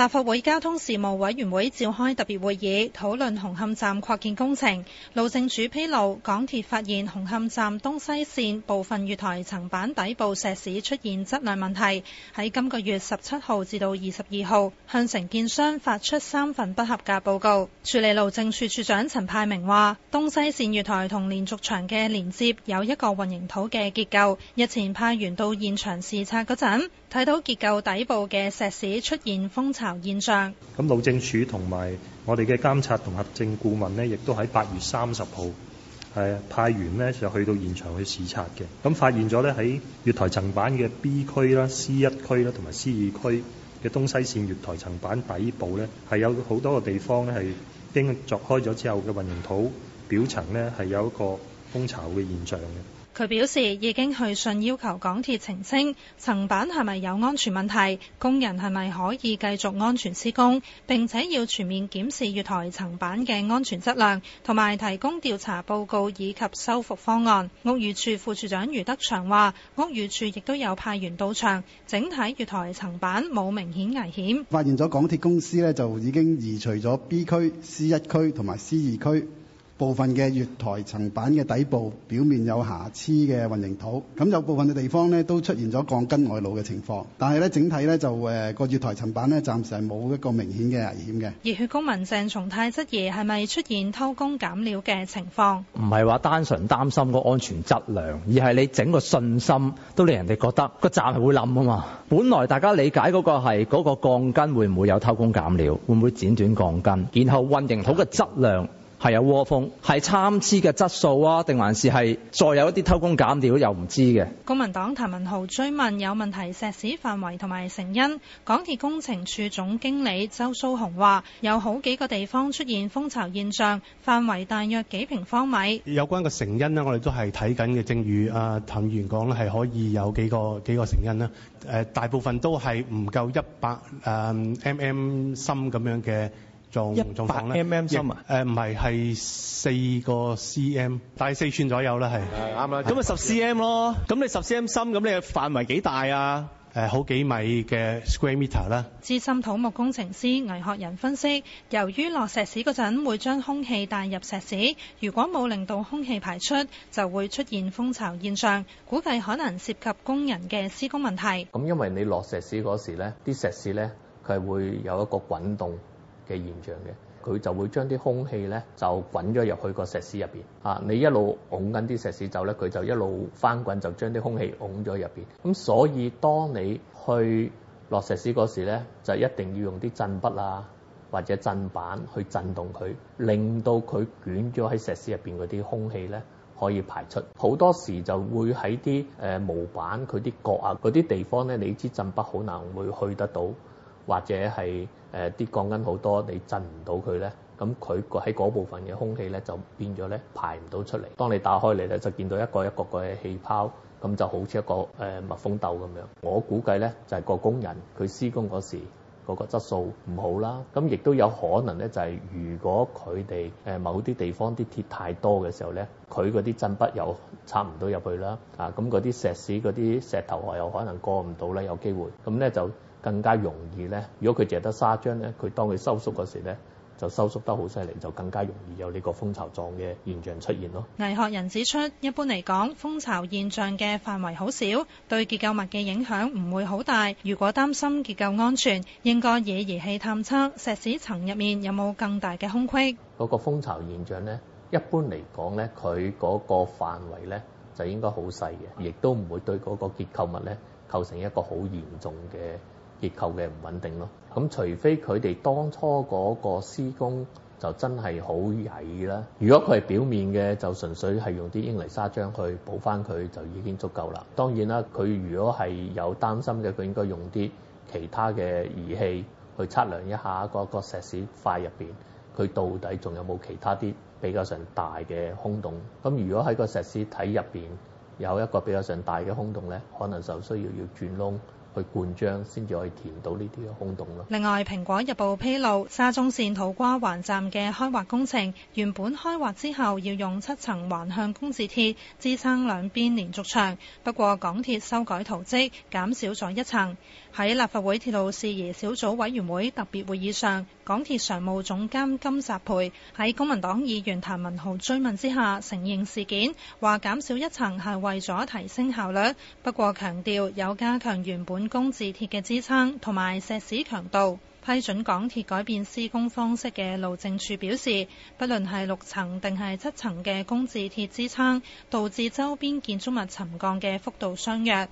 立法會交通事務委員會召開特別會議，討論紅磡站擴建工程。路政署披露，港鐵發現紅磡站東西綫部分月台層板底部石屎出現質量問題，喺今個月十七號至到二十二號，向承建商發出三份不合格報告。署理路政署署長陳派明話：東西綫月台同連續牆嘅連接有一個混凝土嘅結構，日前派員到現場視察嗰陣，睇到結構底部嘅石屎出現蜂巢現象咁，路政署同埋我哋嘅監察同核證顧問呢，亦都喺八月三十號係派員呢就去到現場去視察嘅。咁、啊、發現咗咧，喺月台層板嘅 B 區啦、C 一區啦同埋 C 二區嘅東西線月台層板底部呢，係有好多個地方呢，係經鑿開咗之後嘅混凝土表層呢，係有一個蜂巢嘅現象嘅。佢表示已經去信要求港鐵澄清層板係咪有安全問題，工人係咪可以繼續安全施工，並且要全面檢視月台層板嘅安全質量，同埋提供調查報告以及修復方案。屋宇署副署長余德祥話：屋宇署亦都有派員到場，整體月台層板冇明顯危險。發現咗港鐵公司呢，就已經移除咗 B 區、C 一區同埋 C 二區。部分嘅月台層板嘅底部表面有瑕疵嘅混凝土，咁有部分嘅地方咧都出現咗鋼筋外露嘅情況。但係咧整體咧就誒個、呃、月台層板咧暫時係冇一個明顯嘅危險嘅。熱血公民鄭松泰質疑係咪出現偷工減料嘅情況？唔係話單純擔心個安全質量，而係你整個信心都令人哋覺得個站係會冧啊嘛！本來大家理解嗰個係嗰個鋼筋會唔會有偷工減料，會唔會剪短鋼筋，然後混凝土嘅質量？係有窩蜂，係參差嘅質素啊？定還是係再有一啲偷工減料又唔知嘅？公民黨譚文豪追問有問題石屎範圍同埋成因，港鐵工程處總經理周蘇紅話有好幾個地方出現蜂巢現象，範圍大約幾平方米。有關個成因咧，我哋都係睇緊嘅，正如啊譚議員講咧，係可以有幾個幾個成因啦。誒，大部分都係唔夠一百誒 mm 深咁樣嘅。仲一百 mm 深啊？誒，唔係係四個 cm，大四寸左右啦，係。係啱啦。咁啊，十 cm 咯。咁你十 cm 深咁，你嘅範圍幾大啊？誒，好幾米嘅 square meter 啦。資深土木工程師倪學仁分析，由於落石屎嗰陣會將空氣帶入石屎，如果冇令到空氣排出，就會出現蜂巢現象，估計可能涉及工人嘅施工問題。咁因為你落石屎嗰時咧，啲石屎咧，佢係會有一個滾動。嘅現象嘅，佢就會將啲空氣咧就滾咗入去個石屎入邊啊！你一路拱緊啲石屎走咧，佢就一路翻滾，就將啲空氣拱咗入邊。咁所以當你去落石屎嗰時咧，就一定要用啲震筆啊或者震板去震動佢，令到佢捲咗喺石屎入邊嗰啲空氣咧可以排出。好多時就會喺啲誒模板佢啲角啊嗰啲地方咧，你支震筆好難會去得到。或者係誒啲鋼筋好多，你震唔到佢咧，咁佢喺嗰部分嘅空氣咧就變咗咧排唔到出嚟。當你打開嚟咧就見到一個一個嘅氣泡，咁就好似一個蜜蜂竇咁樣。我估計咧就係、是、個工人佢施工嗰時嗰、那個質素唔好啦，咁亦都有可能咧就係、是、如果佢哋、呃、某啲地方啲鐵太多嘅時候咧，佢嗰啲震筆又插唔到入去啦，啊咁嗰啲石屎嗰啲石頭核又可能過唔到呢。有機會咁咧就。更加容易呢，如果佢淨得沙漿呢，佢當佢收縮嗰時呢，就收縮得好犀利，就更加容易有呢個蜂巢狀嘅現象出現咯。危學人指出，一般嚟講，蜂巢現象嘅範圍好少，對結構物嘅影響唔會好大。如果擔心結構安全，應該以儀器探測石屎層入面有冇更大嘅空隙。嗰個蜂巢現象呢，一般嚟講呢，佢嗰個範圍呢，就應該好細嘅，亦都唔會對嗰個結構物呢構成一個好嚴重嘅。結構嘅唔穩定咯，咁除非佢哋當初嗰個施工就真係好曳啦。如果佢係表面嘅，就純粹係用啲英泥砂漿去補翻佢就已經足夠啦。當然啦，佢如果係有擔心嘅，佢應該用啲其他嘅儀器去測量一下嗰個石屎塊入面，佢到底仲有冇其他啲比較上大嘅空洞。咁如果喺個石屎體入面有一個比較上大嘅空洞咧，可能就需要要轉窿。去灌漿先至可以填到呢啲空洞。另外，《蘋果日報》披露，沙中綫土瓜灣站嘅開挖工程，原本開挖之後要用七層環向工字鐵支撐兩邊連續牆，不過港鐵修改圖則減少咗一層，喺立法會鐵路事宜小組委員會特別會議上。港鐵常務總監金澤培喺公民黨議員譚文豪追問之下承認事件，話減少一層係為咗提升效率，不過強調有加強原本工字鐵嘅支撐同埋石屎強度。批准港鐵改變施工方式嘅路政署表示，不論係六層定係七層嘅工字鐵支撐，導致周邊建築物沉降嘅幅度相若。